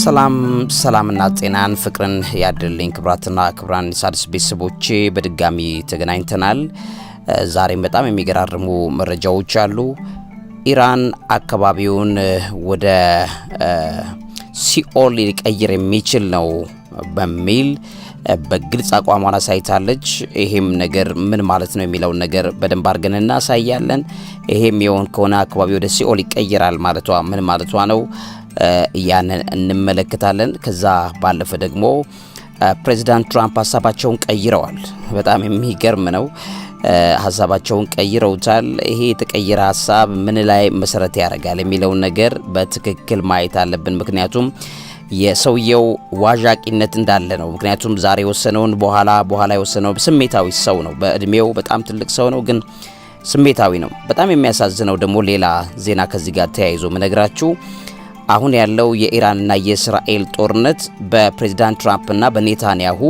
ሰላም ሰላምና ጤናን ፍቅርን ያድልኝ ክብራትና ክብራን ሣድስ ቤተሰቦቼ በድጋሚ ተገናኝተናል። ዛሬም በጣም የሚገራርሙ መረጃዎች አሉ። ኢራን አካባቢውን ወደ ሲኦል ሊቀይር የሚችል ነው በሚል በግልጽ አቋሟን አሳይታለች። ይሄም ነገር ምን ማለት ነው የሚለውን ነገር በደንብ አድርገን እናሳያለን። ይሄም የሆን ከሆነ አካባቢ ወደ ሲኦል ይቀየራል ማለቷ ምን ማለቷ ነው? ያንን እንመለከታለን። ከዛ ባለፈ ደግሞ ፕሬዚዳንት ትራምፕ ሀሳባቸውን ቀይረዋል። በጣም የሚገርም ነው። ሀሳባቸውን ቀይረውታል። ይሄ የተቀየረ ሀሳብ ምን ላይ መሰረት ያደርጋል የሚለውን ነገር በትክክል ማየት አለብን። ምክንያቱም የሰውየው ዋዣቂነት እንዳለ ነው። ምክንያቱም ዛሬ የወሰነውን በኋላ በኋላ የወሰነው ስሜታዊ ሰው ነው። በእድሜው በጣም ትልቅ ሰው ነው፣ ግን ስሜታዊ ነው። በጣም የሚያሳዝነው ደግሞ ሌላ ዜና ከዚህ ጋር ተያይዞ ምነግራችሁ አሁን ያለው የኢራንና የእስራኤል ጦርነት በፕሬዚዳንት ትራምፕና በኔታንያሁ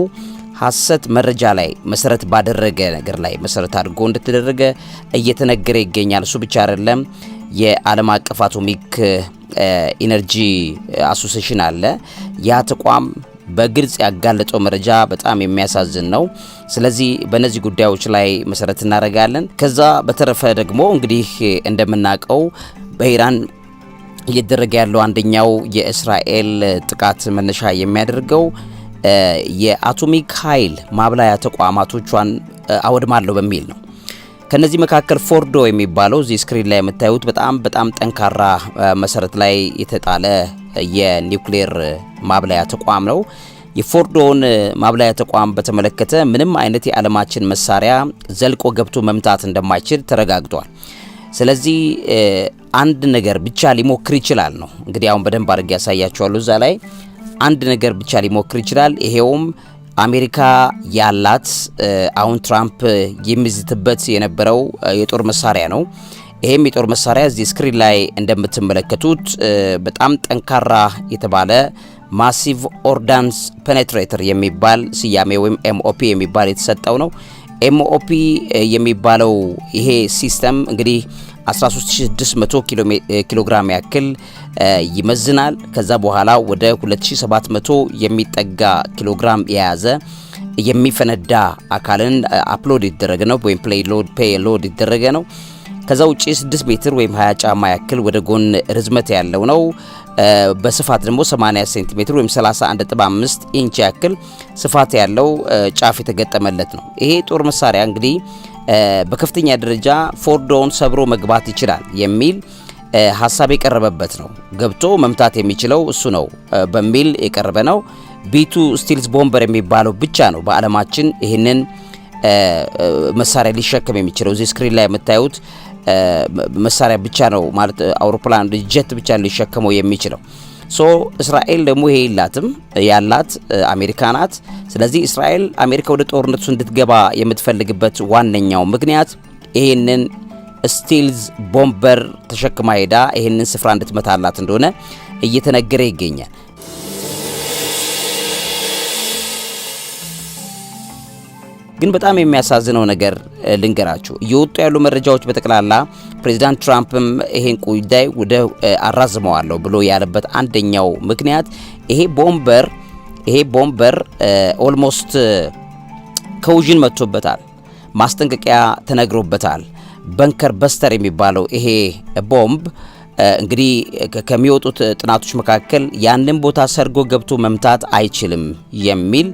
ሐሰት መረጃ ላይ መሰረት ባደረገ ነገር ላይ መሰረት አድርጎ እንደተደረገ እየተነገረ ይገኛል። እሱ ብቻ አይደለም። የዓለም አቀፍ አቶሚክ ኢነርጂ አሶሴሽን አለ። ያ ተቋም በግልጽ ያጋለጠው መረጃ በጣም የሚያሳዝን ነው። ስለዚህ በእነዚህ ጉዳዮች ላይ መሰረት እናደርጋለን። ከዛ በተረፈ ደግሞ እንግዲህ እንደምናውቀው በኢራን እየደረገ ያለው አንደኛው የእስራኤል ጥቃት መነሻ የሚያደርገው የአቶሚክ ኃይል ማብላያ ተቋማቶቿን አወድማለሁ በሚል ነው። ከነዚህ መካከል ፎርዶ የሚባለው እዚህ ስክሪን ላይ የምታዩት በጣም በጣም ጠንካራ መሰረት ላይ የተጣለ የኒውክሌር ማብላያ ተቋም ነው። የፎርዶን ማብላያ ተቋም በተመለከተ ምንም አይነት የዓለማችን መሳሪያ ዘልቆ ገብቶ መምታት እንደማይችል ተረጋግጧል። ስለዚህ አንድ ነገር ብቻ ሊሞክር ይችላል ነው እንግዲህ አሁን በደንብ አድርጌ ያሳያቸዋለሁ። እዛ ላይ አንድ ነገር ብቻ ሊሞክር ይችላል። ይሄውም አሜሪካ ያላት አሁን ትራምፕ የሚዝትበት የነበረው የጦር መሳሪያ ነው። ይህም የጦር መሳሪያ እዚህ ስክሪን ላይ እንደምትመለከቱት በጣም ጠንካራ የተባለ ማሲቭ ኦርዳንስ ፔኔትሬተር የሚባል ስያሜ ወይም ኤምኦፒ የሚባል የተሰጠው ነው። ኤምኦፒ የሚባለው ይሄ ሲስተም እንግዲህ 13600 ኪሎ ግራም ያክል ይመዝናል። ከዛ በኋላ ወደ 2700 የሚጠጋ ኪሎግራም የያዘ የሚፈነዳ አካልን አፕሎድ ይደረገ ነው ወይም ፕሌይ ሎድ ፔይ ሎድ የተደረገ ነው። ከዛ ውጪ 6 ሜትር ወይም 20 ጫማ ያክል ወደ ጎን ርዝመት ያለው ነው። በስፋት ደግሞ 80 ሴንቲሜትር ወይም 31.5 ኢንች ያክል ስፋት ያለው ጫፍ የተገጠመለት ነው። ይሄ ጦር መሳሪያ እንግዲህ በከፍተኛ ደረጃ ፎርዶውን ሰብሮ መግባት ይችላል የሚል ሀሳብ የቀረበበት ነው። ገብቶ መምታት የሚችለው እሱ ነው በሚል የቀረበ ነው። ቢቱ ስቲልስ ቦምበር የሚባለው ብቻ ነው በዓለማችን ይህንን መሳሪያ ሊሸከም የሚችለው። እዚህ ስክሪን ላይ የምታዩት መሳሪያ ብቻ ነው ማለት አውሮፕላን ጀት ብቻ ሊሸከመው የሚችለው። ሶ እስራኤል ደግሞ ይሄ ላትም ያላት አሜሪካ ናት። ስለዚህ እስራኤል አሜሪካ ወደ ጦርነቱ እንድትገባ የምትፈልግበት ዋነኛው ምክንያት ይህንን ስቲልዝ ቦምበር ተሸክማ ሄዳ ይህንን ስፍራ እንድትመታላት እንደሆነ እየተነገረ ይገኛል። ግን በጣም የሚያሳዝነው ነገር ልንገራችሁ፣ እየወጡ ያሉ መረጃዎች በጠቅላላ ፕሬዚዳንት ትራምፕም ይሄን ጉዳይ ወደ አራዝመዋለሁ ብሎ ያለበት አንደኛው ምክንያት ይሄ ቦምበር ይሄ ቦምበር ኦልሞስት ከውዥን መጥቶበታል፣ ማስጠንቀቂያ ተነግሮበታል። በንከር በስተር የሚባለው ይሄ ቦምብ እንግዲህ ከሚወጡት ጥናቶች መካከል ያንን ቦታ ሰርጎ ገብቶ መምታት አይችልም የሚል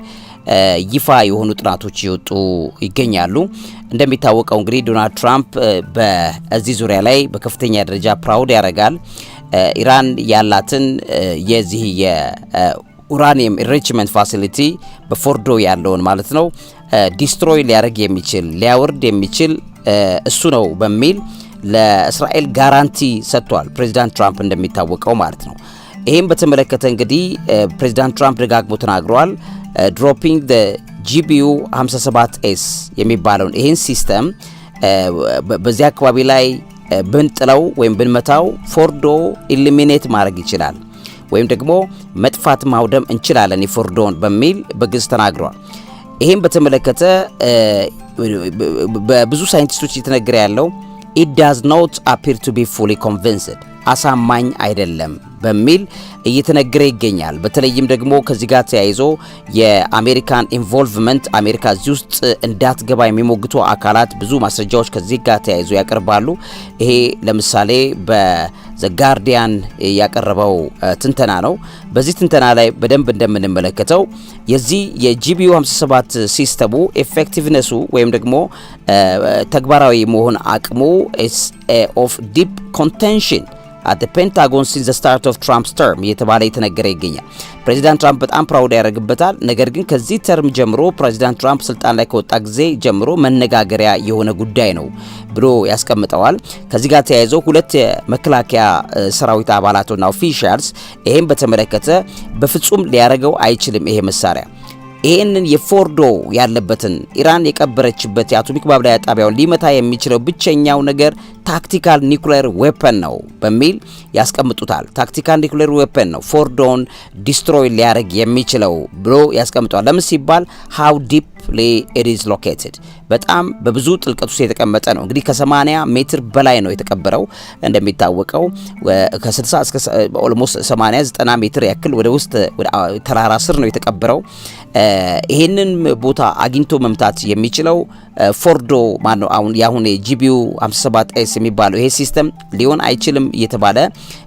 ይፋ የሆኑ ጥናቶች ይወጡ ይገኛሉ። እንደሚታወቀው እንግዲህ ዶናልድ ትራምፕ በዚህ ዙሪያ ላይ በከፍተኛ ደረጃ ፕራውድ ያደርጋል። ኢራን ያላትን የዚህ የኡራኒየም ኢንሪችመንት ፋሲሊቲ በፎርዶ ያለውን ማለት ነው ዲስትሮይ ሊያደርግ የሚችል ሊያወርድ የሚችል እሱ ነው በሚል ለእስራኤል ጋራንቲ ሰጥቷል። ፕሬዚዳንት ትራምፕ እንደሚታወቀው ማለት ነው። ይህም በተመለከተ እንግዲህ ፕሬዚዳንት ትራምፕ ደጋግሞ ተናግረዋል። ድሮፒንግ ጂቢዩ 57 ኤስ የሚባለውን ይህን ሲስተም በዚህ አካባቢ ላይ ብንጥለው ወይም ብንመታው ፎርዶ ኢሊሚኔት ማድረግ ይችላል ወይም ደግሞ መጥፋት ማውደም እንችላለን የፎርዶን በሚል በግልጽ ተናግረዋል። ይህም በተመለከተ በብዙ ሳይንቲስቶች እየተነገረ ያለው ኢት ዳዝ ኖት አፒር ቱ ቢ ፉሊ ኮንቪንስድ አሳማኝ አይደለም በሚል እየተነገረ ይገኛል። በተለይም ደግሞ ከዚህ ጋር ተያይዞ የአሜሪካን ኢንቮልቭመንት አሜሪካ እዚህ ውስጥ እንዳትገባ የሚሞግቱ አካላት ብዙ ማስረጃዎች ከዚህ ጋር ተያይዞ ያቀርባሉ። ይሄ ለምሳሌ በዘጋርዲያን ያቀረበው ትንተና ነው። በዚህ ትንተና ላይ በደንብ እንደምንመለከተው የዚህ የጂቢዩ 57 ሲስተሙ ኤፌክቲቭነሱ ወይም ደግሞ ተግባራዊ መሆን አቅሙ ኦፍ ዲፕ ኮንቴንሽን አት ፔንታጎን ሲንስ ስታርት ኦፍ ትራምፕስ ተርም እየተባለ የተነገረ ይገኛል። ፕሬዚዳንት ትራምፕ በጣም ፕራውድ ያደርግበታል። ነገር ግን ከዚህ ተርም ጀምሮ ፕሬዚዳንት ትራምፕ ስልጣን ላይ ከወጣ ጊዜ ጀምሮ መነጋገሪያ የሆነ ጉዳይ ነው ብሎ ያስቀምጠዋል። ከዚህ ጋር ተያይዘው ሁለት የመከላከያ ሰራዊት አባላትና ኦፊሻልስ ይህም በተመለከተ በፍጹም ሊያደርገው አይችልም ይሄ መሳሪያ ይህንን የፎርዶ ያለበትን ኢራን የቀበረችበት የአቶሚክ ማብላያ ጣቢያውን ሊመታ የሚችለው ብቸኛው ነገር ታክቲካል ኒኩሌር ዌፐን ነው በሚል ያስቀምጡታል። ታክቲካል ኒኩሌር ዌፐን ነው ፎርዶን ዲስትሮይ ሊያደርግ የሚችለው ብሎ ያስቀምጧል። ለምን ሲባል ሃው ዲፕሊ ኢት ኢዝ ሎኬትድ በጣም በብዙ ጥልቀት ውስጥ የተቀመጠ ነው። እንግዲህ ከ80 ሜትር በላይ ነው የተቀበረው። እንደሚታወቀው ከ60 እስከ ኦልሞስት 80 90 ሜትር ያክል ወደ ውስጥ ተራራ ስር ነው የተቀበረው። ይሄንን ቦታ አግኝቶ መምታት የሚችለው ፎርዶ ነው? አሁን የአሁን የጂቢዩ 57 ኤስ የሚባለው ይሄ ሲስተም ሊሆን አይችልም እየተባለ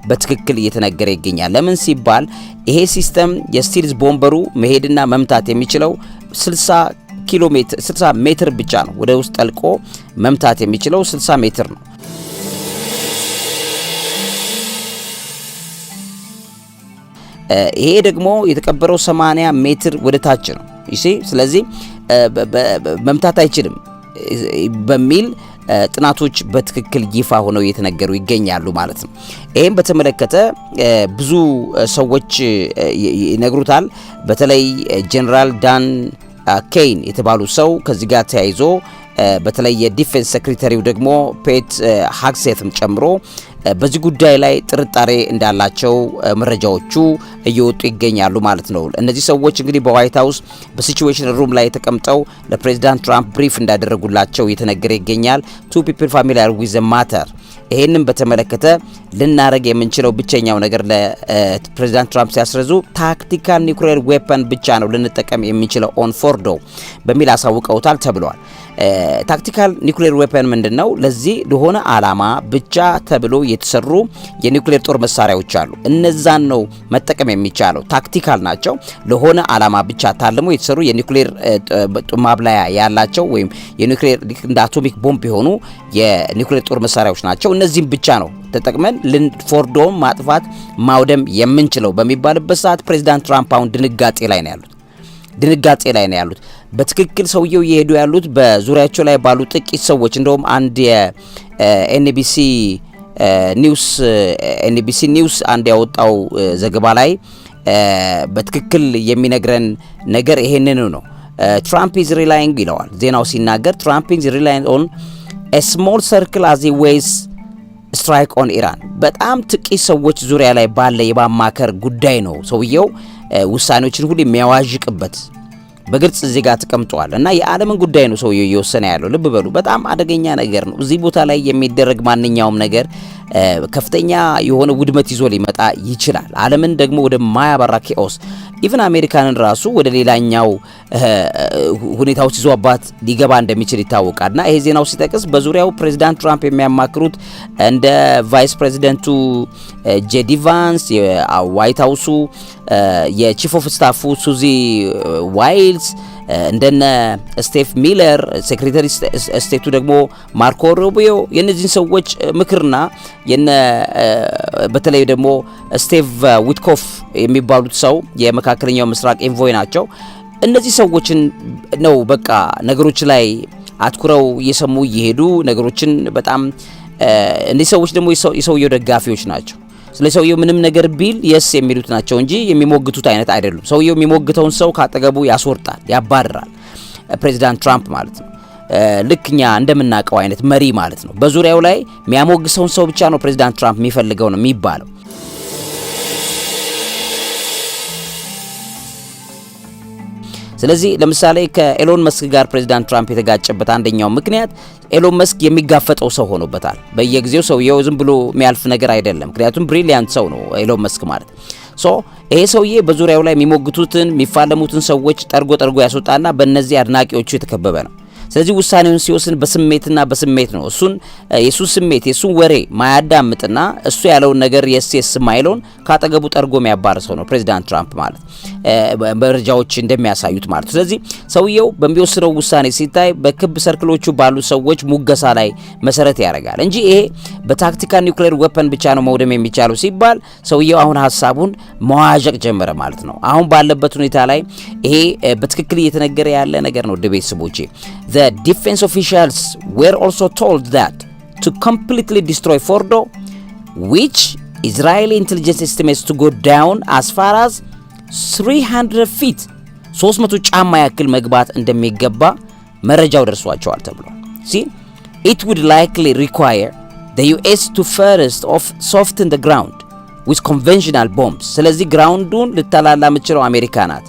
በትክክል እየተነገረ ይገኛል። ለምን ሲባል ይሄ ሲስተም የስቲልስ ቦምበሩ መሄድና መምታት የሚችለው 60 ኪሎ ሜትር 60 ሜትር ብቻ ነው። ወደ ውስጥ ጠልቆ መምታት የሚችለው 60 ሜትር ነው። ይሄ ደግሞ የተቀበረው 80 ሜትር ወደ ታች ነው። ይሲ ስለዚህ መምታት አይችልም በሚል ጥናቶች በትክክል ይፋ ሆነው እየተነገሩ ይገኛሉ ማለት ነው። ይህም በተመለከተ ብዙ ሰዎች ይነግሩታል። በተለይ ጀኔራል ዳን ኬይን የተባሉ ሰው ከዚህ ጋር ተያይዞ በተለይ የዲፌንስ ሴክሬታሪው ደግሞ ፔት ሀግሴትም ጨምሮ በዚህ ጉዳይ ላይ ጥርጣሬ እንዳላቸው መረጃዎቹ እየወጡ ይገኛሉ ማለት ነው። እነዚህ ሰዎች እንግዲህ በዋይት ሀውስ በሲቹዌሽን ሩም ላይ ተቀምጠው ለፕሬዚዳንት ትራምፕ ብሪፍ እንዳደረጉላቸው እየተነገረ ይገኛል። ቱ ፒፕል ፋሚሊያር ዊዝ ማተር ይህንም በተመለከተ ልናረግ የምንችለው ብቸኛው ነገር ለፕሬዚዳንት ትራምፕ ሲያስረዙ ታክቲካል ኒውክሌር ዌፐን ብቻ ነው ልንጠቀም የምንችለው ኦን ፎርዶ በሚል አሳውቀውታል ተብሏል። ታክቲካል ኒውክሌር ዌፐን ምንድን ነው? ለዚህ ለሆነ አላማ ብቻ ተብሎ የተሰሩ የኒውክሌር ጦር መሳሪያዎች አሉ። እነዛን ነው መጠቀም የሚቻለው። ታክቲካል ናቸው። ለሆነ አላማ ብቻ ታልሞ የተሰሩ የኒውክሌር ማብላያ ያላቸው ወይም የኒውክሌር እንደ አቶሚክ ቦምብ የሆኑ የኒውክሌር ጦር መሳሪያዎች ናቸው። እነዚህም ብቻ ነው ተጠቅመን ልንፎርዶም ማጥፋት ማውደም የምንችለው በሚባልበት ሰዓት ፕሬዚዳንት ትራምፕ አሁን ድንጋጤ ላይ ነው ያሉት። ድንጋጤ ላይ ነው ያሉት። በትክክል ሰውየው እየሄዱ ያሉት በዙሪያቸው ላይ ባሉ ጥቂት ሰዎች እንደውም አንድ የኤንቢሲ ኒውስ ኤንቢሲ ኒውስ አንድ ያወጣው ዘገባ ላይ በትክክል የሚነግረን ነገር ይሄንን ነው። ትራምፕ ኢዝ ሪላይንግ ይለዋል ዜናው ሲናገር ትራምፕ ኢዝ ሪላይንግ ኦን ስሞል ሰርክል አዚ ዌይስ ስትራይክ ኦን ኢራን በጣም ጥቂት ሰዎች ዙሪያ ላይ ባለ የማማከር ጉዳይ ነው ሰውየው ውሳኔዎችን ሁሉ የሚያዋዥቅበት በግልጽ እዚህ ጋር ተቀምጧል እና የዓለምን ጉዳይ ነው ሰውየው እየወሰነ ያለው። ልብ በሉ፣ በጣም አደገኛ ነገር ነው። እዚህ ቦታ ላይ የሚደረግ ማንኛውም ነገር ከፍተኛ የሆነ ውድመት ይዞ ሊመጣ ይችላል። ዓለምን ደግሞ ወደ ማያባራ ኬኦስ ኢቭን አሜሪካንን ራሱ ወደ ሌላኛው ሁኔታዎች ይዞባት ሊገባ እንደሚችል ይታወቃል እና ይሄ ዜናው ሲጠቅስ በዙሪያው ፕሬዚዳንት ትራምፕ የሚያማክሩት እንደ ቫይስ ፕሬዚደንቱ ጄዲ ቫንስ፣ ዋይት ሀውሱ የቺፍ ኦፍ ስታፉ ሱዚ ዋይልስ እንደነ ስቴፍ ሚለር፣ ሴክሬታሪ ስቴቱ ደግሞ ማርኮ ሩቢዮ የእነዚህን ሰዎች ምክርና የነ በተለይ ደግሞ ስቴቭ ዊትኮፍ የሚባሉት ሰው የመካከለኛው ምስራቅ ኤንቮይ ናቸው። እነዚህ ሰዎችን ነው በቃ ነገሮች ላይ አትኩረው እየሰሙ እየሄዱ ነገሮችን በጣም እነዚህ ሰዎች ደግሞ የሰውየው ደጋፊዎች ናቸው። ስለ ሰውየው ምንም ነገር ቢል የስ የሚሉት ናቸው እንጂ የሚሞግቱት አይነት አይደሉም። ሰውየው የሚሞግተውን ሰው ካጠገቡ ያስወርጣል፣ ያባርራል። ፕሬዚዳንት ትራምፕ ማለት ነው። ልክኛ እንደምናቀው እንደምናውቀው አይነት መሪ ማለት ነው። በዙሪያው ላይ የሚያሞግሰውን ሰው ብቻ ነው ፕሬዚዳንት ትራምፕ የሚፈልገው ነው የሚባለው። ስለዚህ ለምሳሌ ከኤሎን መስክ ጋር ፕሬዚዳንት ትራምፕ የተጋጨበት አንደኛው ምክንያት ኤሎን መስክ የሚጋፈጠው ሰው ሆኖበታል። በየጊዜው ሰውየው ዝም ብሎ የሚያልፍ ነገር አይደለም። ምክንያቱም ብሪሊያንት ሰው ነው ኤሎን መስክ ማለት ሶ ይሄ ሰውዬ በዙሪያው ላይ የሚሞግቱትን የሚፋለሙትን ሰዎች ጠርጎ ጠርጎ ያስወጣና በእነዚህ አድናቂዎቹ የተከበበ ነው። ስለዚህ ውሳኔውን ሲወስን በስሜትና በስሜት ነው። እሱን የሱ ስሜት የሱን ወሬ ማያዳምጥና እሱ ያለውን ነገር የስስ ማይለውን ካጠገቡ ጠርጎ ሰው ነው ፕሬዚዳንት ትራምፕ ማለት መረጃዎች እንደሚያሳዩት ማለት ስለዚህ ሰውየው በሚወስነው ውሳኔ ሲታይ በክብ ሰርክሎቹ ባሉ ሰዎች ሙገሳ ላይ መሰረት ያደርጋል እንጂ ይሄ በታክቲካል ኒውክሌር ወፐን ብቻ ነው መውደም የሚቻለው ሲባል ሰውየው አሁን ሀሳቡን መዋዠቅ ጀመረ ማለት ነው። አሁን ባለበት ሁኔታ ላይ ይሄ በትክክል እየተነገረ ያለ ነገር ነው። ውድ ስቦቼ The defense officials were also told that to completely destroy Fordo, which Israeli intelligence estimates to go down as far as 300 feet 300 ጫማ ያክል መግባት እንደሚገባ መረጃው ደርሷቸዋል ተብሏል። ሲ it would likely require the US to first off soften the ground with conventional bombs። ስለዚህ ግራውንዱን ልታላላ የምችለው አሜሪካ ናት።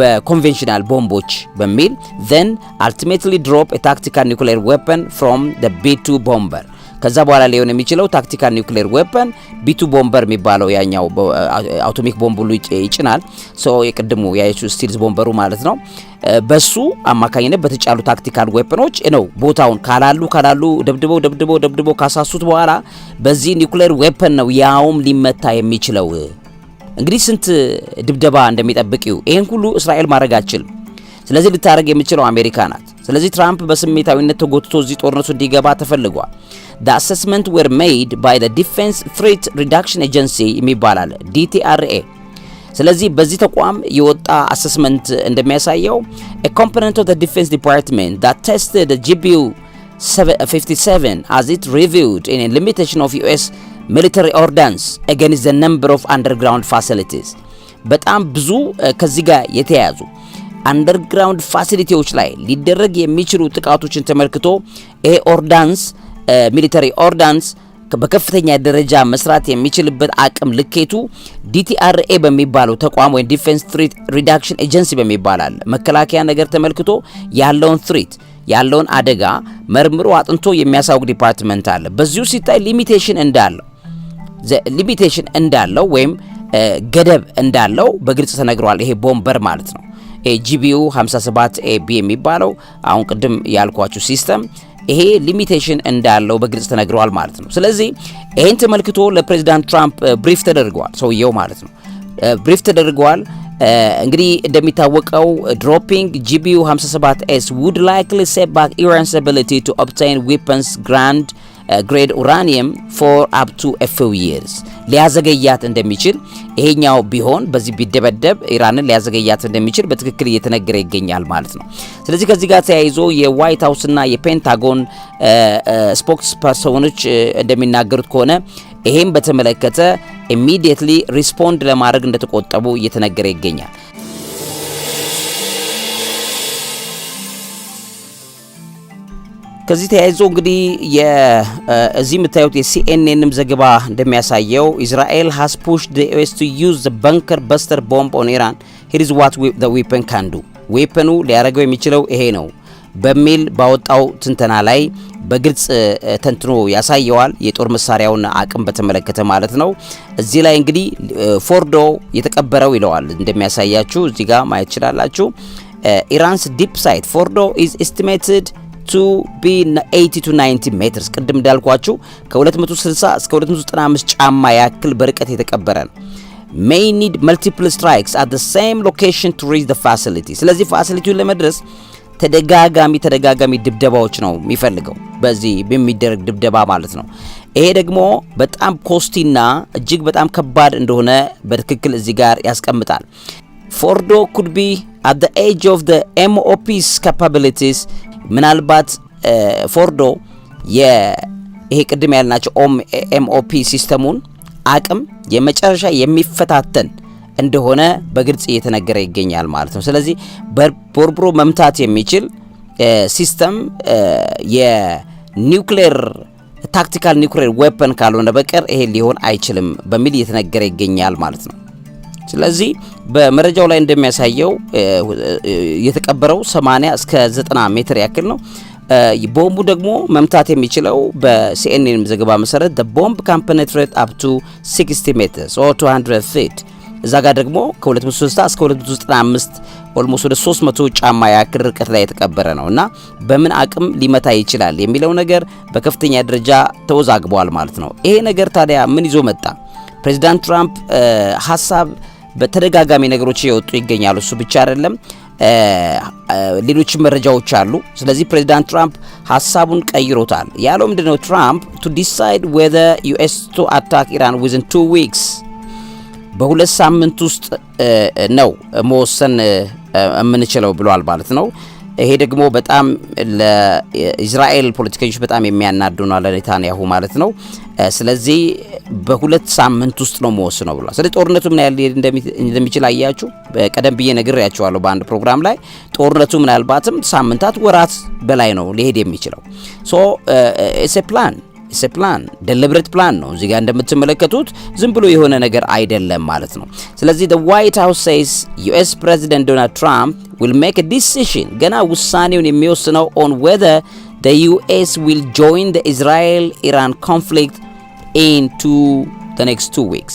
በኮንቬንሽናል ቦምቦች በሚል ዘን አልቲሜትሊ ድሮፕ ታክቲካል ኒውክሌር ዌፐን ፍሮም ቢቱ ቦምበር ከዛ በኋላ ሊሆን የሚችለው ታክቲካል ኒውክሌር ዌፐን ቢቱ ቦምበር የሚባለው ያኛው አቶሚክ ቦምብ ሁሉ ይጭናል። የቅድሙ የአይሱ ስቲልስ ቦምበሩ ማለት ነው። በሱ አማካኝነት በተጫሉ ታክቲካል ዌፐኖች ነው ቦታውን ካላሉ ካላሉ ደብድበው ደብድበው ደብድበው ካሳሱት በኋላ በዚህ ኒውክሌር ዌፐን ነው ያውም ሊመታ የሚችለው። እንግዲህ ስንት ድብደባ እንደሚጠብቂው ይህን ሁሉ እስራኤል ማድረግ አችልም። ስለዚህ ልታደረግ የምችለው አሜሪካ ናት። ስለዚህ ትራምፕ በስሜታዊነት ተጎትቶ እዚህ ጦርነቱ እንዲገባ ተፈልጓል። ደ አሰስመንት ዌር ሜድ ባይ ደ ዲፌንስ ፍሬት ሪዳክሽን ኤጀንሲ የሚባላል ዲቲአርኤ ስለዚህ በዚህ ተቋም የወጣ አሰስመንት እንደሚያሳየው a component of the defense department that tested the GBU 57 as it reviewed in a limitation of US ሚሊተሪ ኦርዳንስ ኤገንስ ዘ ነምበር ኦፍ አንደርግራውንድ ፋሲሊቲስ በጣም ብዙ ከዚህ ጋር የተያያዙ አንደርግራውንድ ፋሲሊቲዎች ላይ ሊደረግ የሚችሉ ጥቃቶችን ተመልክቶ ይሄ ኦርዳንስ ሚሊተሪ ኦርዳንስ በከፍተኛ ደረጃ መስራት የሚችልበት አቅም ልኬቱ ዲቲአርኤ በሚባለው ተቋም ወይም ዲፌንስ ትሪት ሪዳክሽን ኤጀንሲ በሚባል አለ። መከላከያ ነገር ተመልክቶ ያለውን ትሪት ያለውን አደጋ መርምሮ አጥንቶ የሚያሳውቅ ዲፓርትመንት አለ። በዚሁ ሲታይ ሊሚቴሽን እንዳለው ሊሚቴሽን እንዳለው ወይም ገደብ እንዳለው በግልጽ ተነግሯል። ይሄ ቦምበር ማለት ነው። ጂቢዩ 57 ኤቢ የሚባለው አሁን ቅድም ያልኳችሁ ሲስተም ይሄ ሊሚቴሽን እንዳለው በግልጽ ተነግሯል ማለት ነው። ስለዚህ ይህን ተመልክቶ ለፕሬዚዳንት ትራምፕ ብሪፍ ተደርገዋል፣ ሰውየው ማለት ነው ብሪፍ ተደርገዋል። እንግዲህ እንደሚታወቀው ድሮፒንግ ጂቢዩ 57 ኤስ ውድ ላይክሊ ሴት ባክ ኢራንስ አቢሊቲ ቱ ኦብቴን ዌፐንስ ግራንድ ግሬድ ኡራኒየም ፎር አፕ ቱ ፊው ይርስ ሊያዘገያት እንደሚችል ይሄኛው ቢሆን በዚህ ቢደበደብ ኢራንን ሊያዘገያት እንደሚችል በትክክል እየተነገረ ይገኛል ማለት ነው። ስለዚህ ከዚህ ጋር ተያይዞ የዋይት ሀውስና የፔንታጎን uh, uh, ስፖክስ ፐርሶኖች uh, እንደሚናገሩት ከሆነ ይሄም በተመለከተ ኢሚዲየትሊ ሪስፖንድ ለማድረግ እንደተቆጠቡ እየተነገረ ይገኛል። ከዚህ ተያይዞ እንግዲህ እዚህ የምታዩት የሲኤንኤንም ዘገባ እንደሚያሳየው ኢስራኤል ሃስ ፑሽ ዩኤስ ቱ ዩዝ ባንከር በስተር ቦምብ ኦን ኢራን ሂሪዝ ዋት ዌፐን ካንዱ ዌፐኑ ሊያደርገው የሚችለው ይሄ ነው በሚል ባወጣው ትንተና ላይ በግልጽ ተንትኖ ያሳየዋል። የጦር መሳሪያውን አቅም በተመለከተ ማለት ነው። እዚህ ላይ እንግዲህ ፎርዶ የተቀበረው ይለዋል እንደሚያሳያችሁ እዚህ ጋር ማየት ችላላችሁ። ኢራንስ ዲፕ ሳይት ፎርዶ ኢዝ ኤስቲሜትድ ቱ ቢ 80 ቱ 90 ሜትርስ ቅድም እንዳልኳችሁ ከ260 እስከ 295 ጫማ ያክል በርቀት የተቀበረ ነው። ሜይ ኒድ መልቲፕል ስትራይክስ አት ዘ ሴም ሎኬሽን ቱ ሪች ዘ ፋሲሊቲ። ስለዚህ ፋሲሊቲውን ለመድረስ ተደጋጋሚ ተደጋጋሚ ድብደባዎች ነው የሚፈልገው፣ በዚህ የሚደረግ ድብደባ ማለት ነው። ይሄ ደግሞ በጣም ኮስቲና እጅግ በጣም ከባድ እንደሆነ በትክክል እዚህ ጋር ያስቀምጣል። ፎርዶ ኩድ ቢ አት ዘ ኤጅ ኦፍ ደ ኤምኦፒስ ካፓቢሊቲስ ምናልባት ፎርዶ ይሄ ቅድም ያልናቸው ኤምኦፒ ሲስተሙን አቅም የመጨረሻ የሚፈታተን እንደሆነ በግልጽ እየተነገረ ይገኛል ማለት ነው። ስለዚህ ቦርብሮ መምታት የሚችል ሲስተም የኒውክሌር ታክቲካል ኒውክሌር ዌፐን ካልሆነ በቀር ይሄ ሊሆን አይችልም በሚል እየተነገረ ይገኛል ማለት ነው። ስለዚህ በመረጃው ላይ እንደሚያሳየው የተቀበረው 80 እስከ 90 ሜትር ያክል ነው። ቦምቡ ደግሞ መምታት የሚችለው በሲኤንኤን ዘገባ መሰረት ቦምብ ካን ፔኔትሬት አፕ ቱ 60 ሜትር ኦር 200 ፊት እዛ ጋር ደግሞ ከ260 እስከ 295 ኦልሞስት ወደ 300 ጫማ ያክል ርቀት ላይ የተቀበረ ነው እና በምን አቅም ሊመታ ይችላል የሚለው ነገር በከፍተኛ ደረጃ ተወዛግቧል ማለት ነው። ይሄ ነገር ታዲያ ምን ይዞ መጣ? ፕሬዚዳንት ትራምፕ ሀሳብ በተደጋጋሚ ነገሮች እየወጡ ይገኛሉ። እሱ ብቻ አይደለም፣ ሌሎችም መረጃዎች አሉ። ስለዚህ ፕሬዚዳንት ትራምፕ ሀሳቡን ቀይሮታል። ያለው ምንድነው? ትራምፕ ቱ ዲሳይድ ዌዘር ዩኤስ ቱ አታክ ኢራን ዊዝን ቱ ዊክስ በሁለት ሳምንት ውስጥ ነው መወሰን የምንችለው ብሏል ማለት ነው። ይሄ ደግሞ በጣም ለእስራኤል ፖለቲከኞች በጣም የሚያናዱ ነው ለኔታንያሁ ማለት ነው። ስለዚህ በሁለት ሳምንት ውስጥ ነው መወስነው ብሏል። ስለዚህ ጦርነቱ ምን ያህል እንደሚችል አያችሁ። ቀደም ብዬ ነግሬያችኋለሁ በአንድ ፕሮግራም ላይ ጦርነቱ ምናልባትም ሳምንታት፣ ወራት በላይ ነው ሊሄድ የሚችለው ሶ ኢትስ ኤ ፕላን ኢትስ ፕላን ደሊብሬት ፕላን ነው። እዚህ ጋር እንደምትመለከቱት ዝም ብሎ የሆነ ነገር አይደለም ማለት ነው። ስለዚህ the White House says US President Donald Trump will make a decision ገና ውሳኔውን የሚወስነው on whether the US will join the Israel Iran conflict in two the next two weeks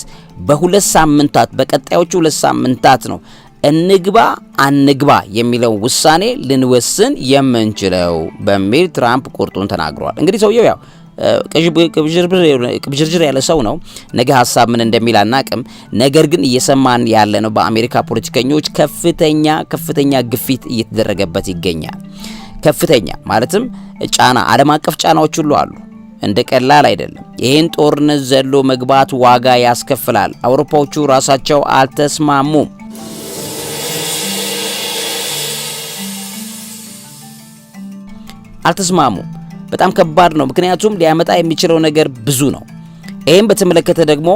በሁለት ሳምንታት በቀጣዮቹ ሁለት ሳምንታት ነው እንግባ አንግባ የሚለው ውሳኔ ልንወስን የምንችለው በሚል ትራምፕ ቁርጡን ተናግሯል። እንግዲህ ሰውየው ያው ቅብዥርብር ያለ ሰው ነው። ነገ ሀሳብ ምን እንደሚል አናቅም። ነገር ግን እየሰማን ያለ ነው በአሜሪካ ፖለቲከኞች ከፍተኛ ከፍተኛ ግፊት እየተደረገበት ይገኛል። ከፍተኛ ማለትም ጫና፣ ዓለም አቀፍ ጫናዎች ሁሉ አሉ። እንደ ቀላል አይደለም። ይህን ጦርነት ዘሎ መግባት ዋጋ ያስከፍላል። አውሮፓዎቹ ራሳቸው አልተስማሙም። አልተስማሙም በጣም ከባድ ነው። ምክንያቱም ሊያመጣ የሚችለው ነገር ብዙ ነው። ይህም በተመለከተ ደግሞ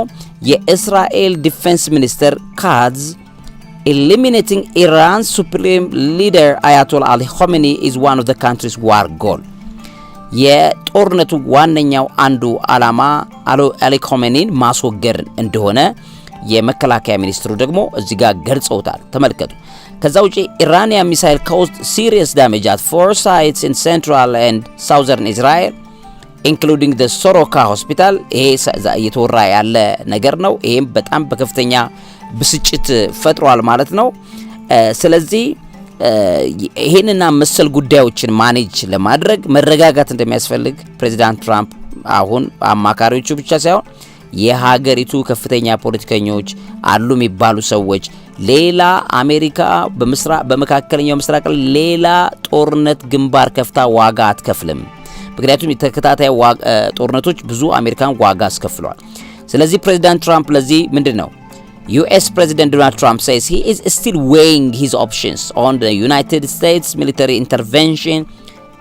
የእስራኤል ዲፌንስ ሚኒስተር ካዝ ኤሊሚኔቲንግ ኢራን ሱፕሪም ሊደር አያቶላ አሊ ሆሜኒ ኢዝ ዋን ኦፍ ዘ ካንትሪስ ዋር ጎል የጦርነቱ ዋነኛው አንዱ ዓላማ አሊ ሆሜኒን ማስወገድ እንደሆነ የመከላከያ ሚኒስትሩ ደግሞ እዚህ ጋር ገልጸውታል። ተመልከቱ። ከዛ ውጪ ኢራንያ ሚሳይል ካውዝድ ሲሪየስ ዳሜጅ አት ፎር ሳይትስ ኢን ሴንትራል ኤንድ ሳውዘርን ኢስራኤል ኢንክሉዲንግ ደ ሶሮካ ሆስፒታል። ይሄ እየተወራ ያለ ነገር ነው። ይሄም በጣም በከፍተኛ ብስጭት ፈጥሯል ማለት ነው። ስለዚህ ይሄንና መሰል ጉዳዮችን ማኔጅ ለማድረግ መረጋጋት እንደሚያስፈልግ ፕሬዚዳንት ትራምፕ አሁን አማካሪዎቹ ብቻ ሳይሆን የሀገሪቱ ከፍተኛ ፖለቲከኞች አሉ የሚባሉ ሰዎች ሌላ አሜሪካ በመካከለኛው ምስራቅ ላይ ሌላ ጦርነት ግንባር ከፍታ ዋጋ አትከፍልም። ምክንያቱም የተከታታይ ጦርነቶች ብዙ አሜሪካን ዋጋ አስከፍለዋል። ስለዚህ ፕሬዚዳንት ትራምፕ ለዚህ ምንድን ነው ዩኤስ ፕሬዚደንት ዶናልድ ትራምፕ ሳይስ ሂ ኢዝ ስቲል ዌይንግ ሂዝ ኦፕሽንስ ኦን ዘ ዩናይትድ ስቴትስ ሚሊተሪ ኢንተርቬንሽን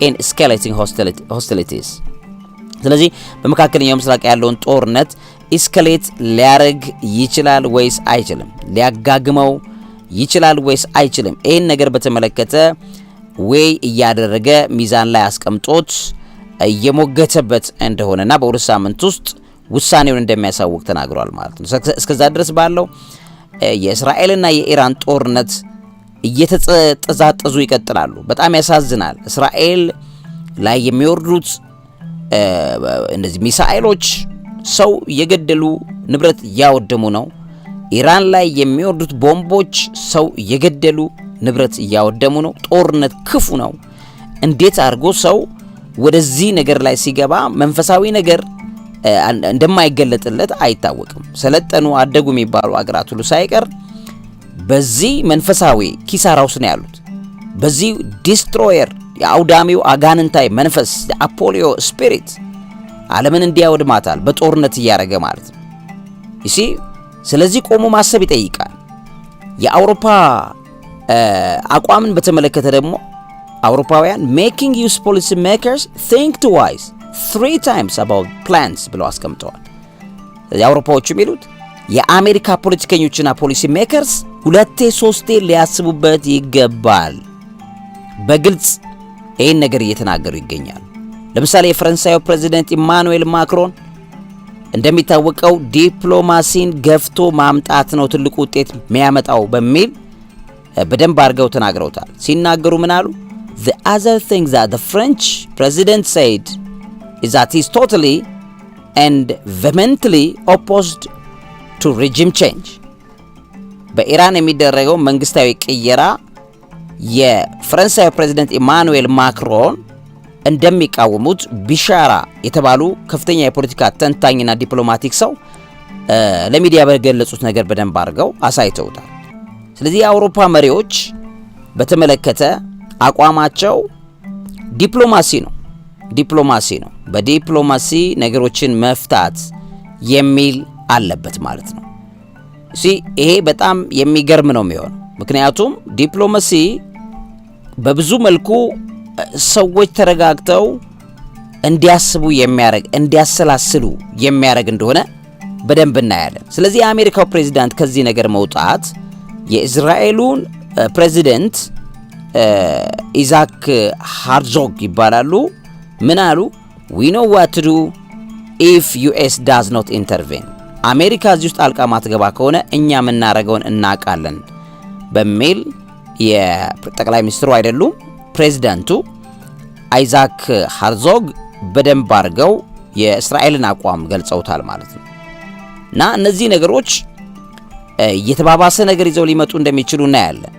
ኢን ስካሌቲንግ ሆስቲሊቲስ። ስለዚህ በመካከለኛው ምስራቅ ያለውን ጦርነት ኢስካሌት ሊያረግ ይችላል ወይስ አይችልም? ሊያጋግመው ይችላል ወይስ አይችልም? ይህን ነገር በተመለከተ ዌይ እያደረገ ሚዛን ላይ አስቀምጦት እየሞገተበት እንደሆነና በሁለት ሳምንት ውስጥ ውሳኔውን እንደሚያሳውቅ ተናግሯል ማለት ነው። እስከዛ ድረስ ባለው የእስራኤልና የኢራን ጦርነት እየተጠዛጠዙ ይቀጥላሉ። በጣም ያሳዝናል። እስራኤል ላይ የሚወርዱት እነዚህ ሚሳኤሎች ሰው እየገደሉ ንብረት እያወደሙ ነው። ኢራን ላይ የሚወርዱት ቦምቦች ሰው እየገደሉ ንብረት እያወደሙ ነው። ጦርነት ክፉ ነው። እንዴት አድርጎ ሰው ወደዚህ ነገር ላይ ሲገባ መንፈሳዊ ነገር እንደማይገለጥለት አይታወቅም። ሰለጠኑ አደጉ የሚባሉ አገራት ሁሉ ሳይቀር በዚህ መንፈሳዊ ኪሳራ ውስጥ ነው ያሉት። በዚህ ዲስትሮየር የአውዳሚው አጋንንታይ መንፈስ የአፖሊዮ ስፒሪት ዓለምን እንዲያወድማታል በጦርነት እያደረገ ማለት ነው። ይሲ ስለዚህ ቆሞ ማሰብ ይጠይቃል። የአውሮፓ አቋምን በተመለከተ ደግሞ አውሮፓውያን ሜኪንግ ዩስ ፖሊሲ ሜከርስ ቲንክ ትዋይስ ትሪ ታይምስ አባውት ፕላንስ ብለው አስቀምጠዋል። የአውሮፓዎቹ የሚሉት የአሜሪካ ፖለቲከኞችና ፖሊሲ ሜከርስ ሁለቴ ሶስቴ ሊያስቡበት ይገባል። በግልጽ ይህን ነገር እየተናገሩ ይገኛል። ለምሳሌ የፈረንሳዩ ፕሬዚደንት ኢማኑኤል ማክሮን እንደሚታወቀው ዲፕሎማሲን ገፍቶ ማምጣት ነው ትልቁ ውጤት የሚያመጣው በሚል በደንብ አድርገው ተናግረውታል። ሲናገሩ ምን አሉ? the other thing that the french president said is that he's totally and vehemently opposed to regime change በኢራን የሚደረገው መንግስታዊ ቅየራ የፈረንሳዊ ፕሬዚደንት ኢማኑኤል ማክሮን እንደሚቃወሙት ቢሻራ የተባሉ ከፍተኛ የፖለቲካ ተንታኝና ዲፕሎማቲክ ሰው ለሚዲያ በገለጹት ነገር በደንብ አድርገው አሳይተውታል። ስለዚህ የአውሮፓ መሪዎች በተመለከተ አቋማቸው ዲፕሎማሲ ነው ዲፕሎማሲ ነው፣ በዲፕሎማሲ ነገሮችን መፍታት የሚል አለበት ማለት ነው። ይሄ በጣም የሚገርም ነው የሚሆነው ምክንያቱም ዲፕሎማሲ በብዙ መልኩ ሰዎች ተረጋግተው እንዲያስቡ የሚያደርግ እንዲያሰላስሉ የሚያደርግ እንደሆነ በደንብ እናያለን። ስለዚህ የአሜሪካው ፕሬዚዳንት ከዚህ ነገር መውጣት የእስራኤሉን ፕሬዚደንት ኢዛክ ሃርዞግ ይባላሉ። ምን አሉ? ዊኖ ዋትዱ ኢፍ ዩኤስ ዳዝ ኖት ኢንተርቬን፣ አሜሪካ እዚህ ውስጥ አልቃ ማትገባ ከሆነ እኛ የምናደርገውን እናውቃለን በሚል የጠቅላይ ሚኒስትሩ አይደሉም ፕሬዚዳንቱ አይዛክ ሃርዞግ በደንብ አድርገው የእስራኤልን አቋም ገልጸውታል ማለት ነው። እና እነዚህ ነገሮች የተባባሰ ነገር ይዘው ሊመጡ እንደሚችሉ እናያለን።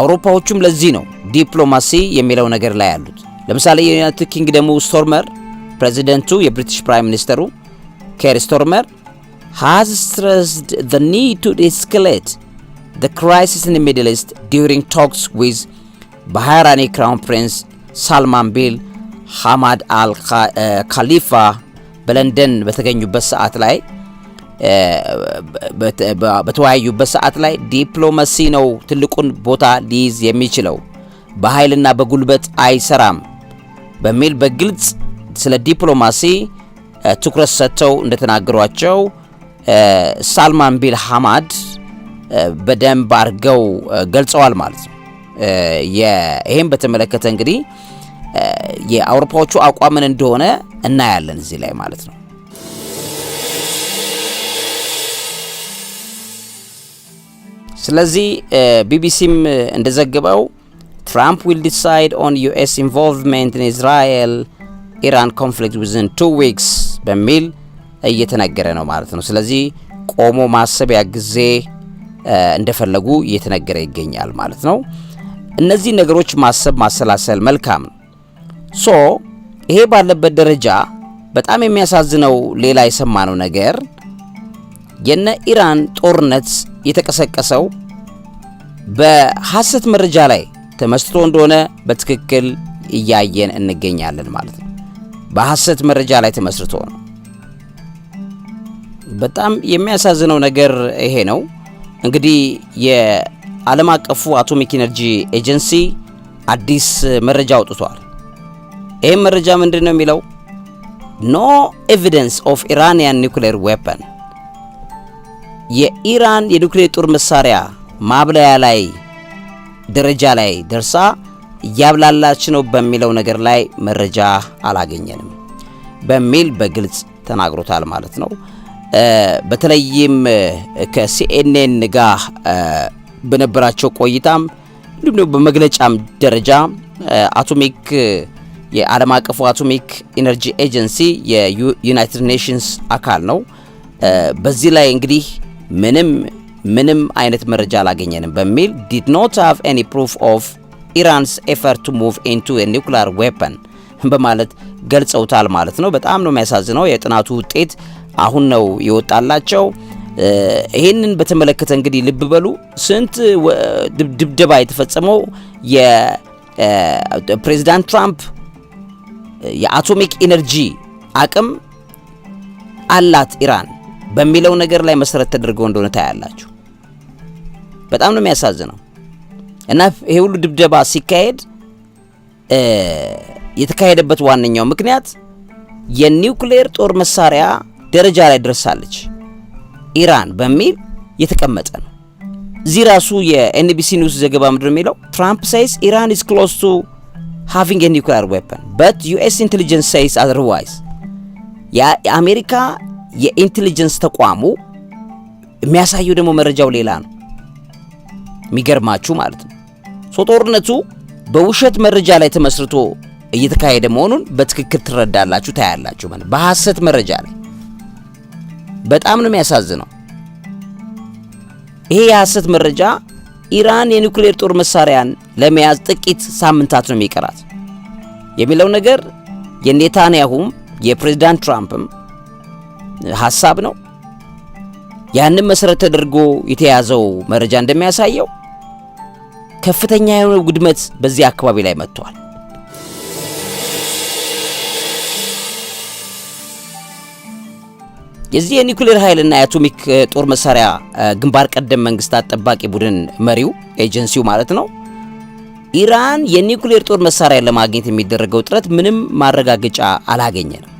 አውሮፓዎቹም ለዚህ ነው ዲፕሎማሲ የሚለው ነገር ላይ ያሉት። ለምሳሌ የዩናይትድ ኪንግደሙ ስቶርመር ፕሬዚደንቱ፣ የብሪቲሽ ፕራይም ሚኒስተሩ ኬር ስቶርመር ሃዝ ስትረስድ ኒድ ቱ ኤስካሌት ክራይሲስ ኢን ሚድል ኢስት ዲሪንግ ቶክስ ዊዝ ባህራኒ ክራውን ፕሪንስ ሳልማን ቢል ሐማድ አል ካሊፋ በለንደን በተገኙበት ሰዓት ላይ በተወያዩበት ሰዓት ላይ ዲፕሎማሲ ነው ትልቁን ቦታ ሊይዝ የሚችለው በኃይልና በጉልበት አይሰራም በሚል በግልጽ ስለ ዲፕሎማሲ ትኩረት ሰጥተው እንደተናገሯቸው ሳልማን ቢል ሐማድ በደንብ አድርገው ገልጸዋል ማለት ነው። ይህም በተመለከተ እንግዲህ የአውሮፓዎቹ አቋምን እንደሆነ እናያለን እዚህ ላይ ማለት ነው። ስለዚህ ቢቢሲም እንደዘገበው ትራምፕ ዊል ዲሳይድ ኦን ዩኤስ ኢንቮልቭመንት ኢን እስራኤል ኢራን ኮንፍሊክት ዊዝን ቱ ዊክስ በሚል እየተነገረ ነው ማለት ነው። ስለዚህ ቆሞ ማሰቢያ ጊዜ እንደፈለጉ እየተነገረ ይገኛል ማለት ነው። እነዚህ ነገሮች ማሰብ ማሰላሰል መልካም ሶ ይሄ ባለበት ደረጃ በጣም የሚያሳዝነው ሌላ የሰማነው ነገር የነ ኢራን ጦርነት የተቀሰቀሰው በሐሰት መረጃ ላይ ተመስርቶ እንደሆነ በትክክል እያየን እንገኛለን ማለት ነው። በሐሰት መረጃ ላይ ተመስርቶ ነው። በጣም የሚያሳዝነው ነገር ይሄ ነው። እንግዲህ ዓለም አቀፉ አቶሚክ ኢነርጂ ኤጀንሲ አዲስ መረጃ አውጥቷል። ይህም መረጃ ምንድን ነው የሚለው ኖ ኤቪደንስ ኦፍ ኢራንያን ኒውክሌር ዌፐን የኢራን የኒውክሌር ጦር መሳሪያ ማብለያ ላይ ደረጃ ላይ ደርሳ እያብላላች ነው በሚለው ነገር ላይ መረጃ አላገኘንም በሚል በግልጽ ተናግሮታል ማለት ነው። በተለይም ከሲኤንኤን ጋር በነበራቸው ቆይታም እንዲሁም ደግሞ በመግለጫም ደረጃ አቶሚክ የዓለም አቀፉ አቶሚክ ኢነርጂ ኤጀንሲ የዩናይትድ ኔሽንስ አካል ነው። በዚህ ላይ እንግዲህ ምንም ምንም አይነት መረጃ አላገኘንም በሚል ዲድ ኖት ሃቭ ኤኒ ፕሩፍ ኦፍ ኢራንስ ኤፈርት ቱ ሙቭ ኢንቱ ኒውክሊየር ዌፐን በማለት ገልጸውታል ማለት ነው። በጣም ነው የሚያሳዝነው። የጥናቱ ውጤት አሁን ነው ይወጣላቸው። ይህንን በተመለከተ እንግዲህ ልብ በሉ ስንት ድብደባ የተፈጸመው የፕሬዚዳንት ትራምፕ የአቶሚክ ኢነርጂ አቅም አላት ኢራን በሚለው ነገር ላይ መሰረት ተደርገው እንደሆነ ታያላችሁ። በጣም ነው የሚያሳዝነው። እና ይሄ ሁሉ ድብደባ ሲካሄድ የተካሄደበት ዋነኛው ምክንያት የኒውክሌር ጦር መሳሪያ ደረጃ ላይ ደርሳለች። ኢራን በሚል የተቀመጠ ነው። እዚህ ራሱ የኤንቢሲ ኒውስ ዘገባ ምድር የሚለው ትራምፕ ሳይስ ኢራን ኢዝ ክሎዝ ቱ ሃቪንግ ኒውክሊር ዌፐን በት ዩኤስ ኢንቴሊጀንስ ሳይስ አዘርዋይዝ። የአሜሪካ የኢንቴሊጀንስ ተቋሙ የሚያሳየው ደግሞ መረጃው ሌላ ነው። የሚገርማችሁ ማለት ነው። ሶ ጦርነቱ በውሸት መረጃ ላይ ተመስርቶ እየተካሄደ መሆኑን በትክክል ትረዳላችሁ፣ ታያላችሁ በሐሰት መረጃ ላይ በጣም ነው የሚያሳዝነው። ይሄ የሐሰት መረጃ ኢራን የኒውክሌር ጦር መሳሪያን ለመያዝ ጥቂት ሳምንታት ነው የሚቀራት የሚለው ነገር የኔታንያሁም የፕሬዝዳንት ትራምፕም ሐሳብ ነው። ያንም መሰረት ተደርጎ የተያዘው መረጃ እንደሚያሳየው ከፍተኛ የሆነ ውድመት በዚህ አካባቢ ላይ መጥቷል። የዚህ የኒኩሌር ኃይልና የአቶሚክ ጦር መሳሪያ ግንባር ቀደም መንግስታት ጠባቂ ቡድን መሪው ኤጀንሲው ማለት ነው ኢራን የኒኩሌር ጦር መሳሪያ ለማግኘት የሚደረገው ጥረት ምንም ማረጋገጫ ነው።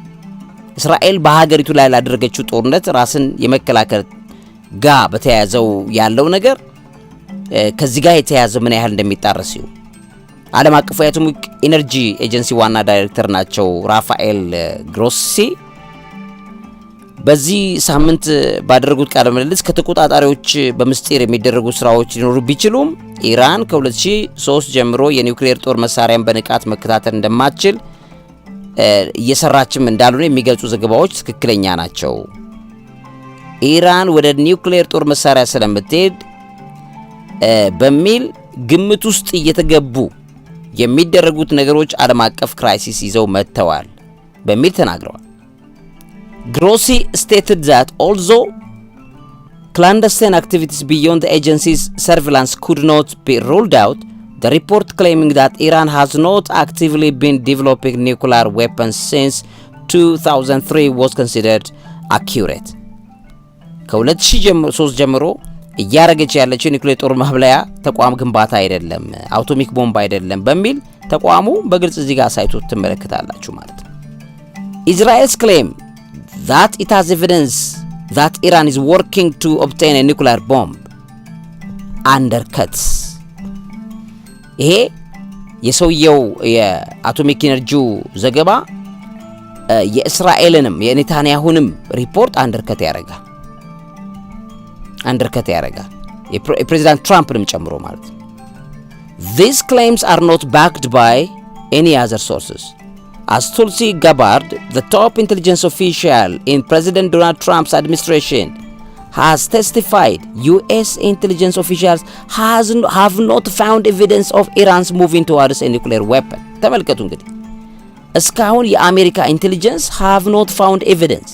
እስራኤል በሀገሪቱ ላይ ላደረገችው ጦርነት ራስን የመከላከል ጋ በተያያዘው ያለው ነገር ከዚህ ጋር የተያያዘ ምን ያህል እንደሚጣረስ ሲሆን ዓለም አቀፉ የአቶሚክ ኢነርጂ ኤጀንሲ ዋና ዳይሬክተር ናቸው ራፋኤል ግሮሲ በዚህ ሳምንት ባደረጉት ቃለ ምልልስ ከተቆጣጣሪዎች በምስጢር የሚደረጉ ስራዎች ሊኖሩ ቢችሉም ኢራን ከ2003 ጀምሮ የኒውክሌር ጦር መሳሪያን በንቃት መከታተል እንደማትችል እየሰራችም እንዳልሆነ የሚገልጹ ዘገባዎች ትክክለኛ ናቸው። ኢራን ወደ ኒውክሌር ጦር መሳሪያ ስለምትሄድ በሚል ግምት ውስጥ እየተገቡ የሚደረጉት ነገሮች ዓለም አቀፍ ክራይሲስ ይዘው መጥተዋል በሚል ተናግረዋል። Grossi stated that although clandestine activities beyond the agency's surveillance could not be ruled out, the report claiming that Iran has not actively been developing nuclear weapons since 2003 was considered accurate። ከ2003 ጀምሮ እያረገች ያለችው ኒውክሌር ጦር ማብላያ ተቋም ግንባታ አይደለም፣ አውቶሚክ ቦምብ አይደለም በሚል ተቋሙ በግልጽ እዚህ ጋር ሳይቶት ትመለከታላችሁ ማለት ነው። Israel's claim that it has evidence that Iran is working to obtain a nuclear bomb undercuts ይሄ የሰውየው የአቶሚክ ኢነርጂው ዘገባ የእስራኤልንም የኔታንያሁንም ሪፖርት አንደርከት ያደርጋል አንደርከት ያደርጋል የፕሬዚዳንት ትራምፕንም ጨምሮ ማለት ነው። ዚስ ክሌምስ አር ኖት ባክድ ባይ ኤኒ አዘር ሶርስስ as Tulsi Gabbard, the top intelligence official in President Donald Trump's administration, has testified U.S. intelligence officials has, have not found evidence of Iran's moving towards a nuclear weapon። ተመልከቱ እንግዲህ እስካሁን የአሜሪካ ኢንቴሊጀንስ have not found evidence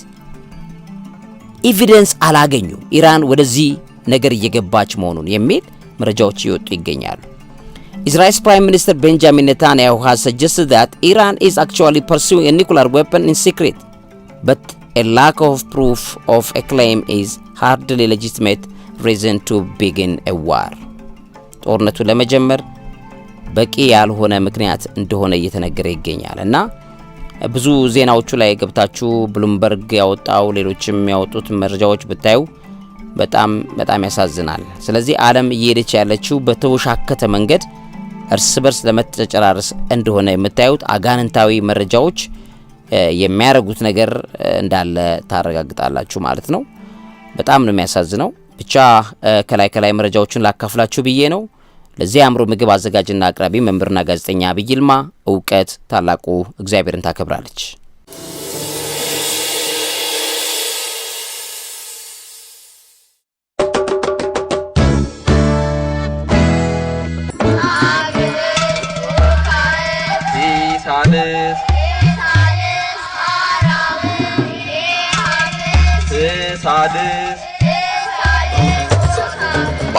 ኤቪደንስ አላገኙ ኢራን ወደዚህ ነገር እየገባች መሆኑን የሚል መረጃዎች ይወጡ ይገኛሉ። Israel's Prime Minister Benjamin Netanyahu has suggested that Iran is actually pursuing a nuclear weapon in secret, but a lack of proof of a claim is hardly legitimate reason to begin a war. ጦርነቱ ለመጀመር በቂ ያልሆነ ምክንያት እንደሆነ እየተነገረ ይገኛል እና ብዙ ዜናዎቹ ላይ ገብታችሁ ብሉምበርግ ያወጣው ሌሎችም ያወጡት መረጃዎች ብታዩ በጣም በጣም ያሳዝናል። ስለዚህ ዓለም እየሄደች ያለችው በተወሻከተ መንገድ እርስ በርስ ለመተጨራረስ እንደሆነ የምታዩት አጋንንታዊ መረጃዎች የሚያደርጉት ነገር እንዳለ ታረጋግጣላችሁ ማለት ነው። በጣም ነው የሚያሳዝነው። ብቻ ከላይ ከላይ መረጃዎችን ላካፍላችሁ ብዬ ነው። ለዚህ አእምሮ ምግብ አዘጋጅና አቅራቢ መምህርና ጋዜጠኛ ዐቢይ ይልማ። እውቀት ታላቁ እግዚአብሔርን ታከብራለች።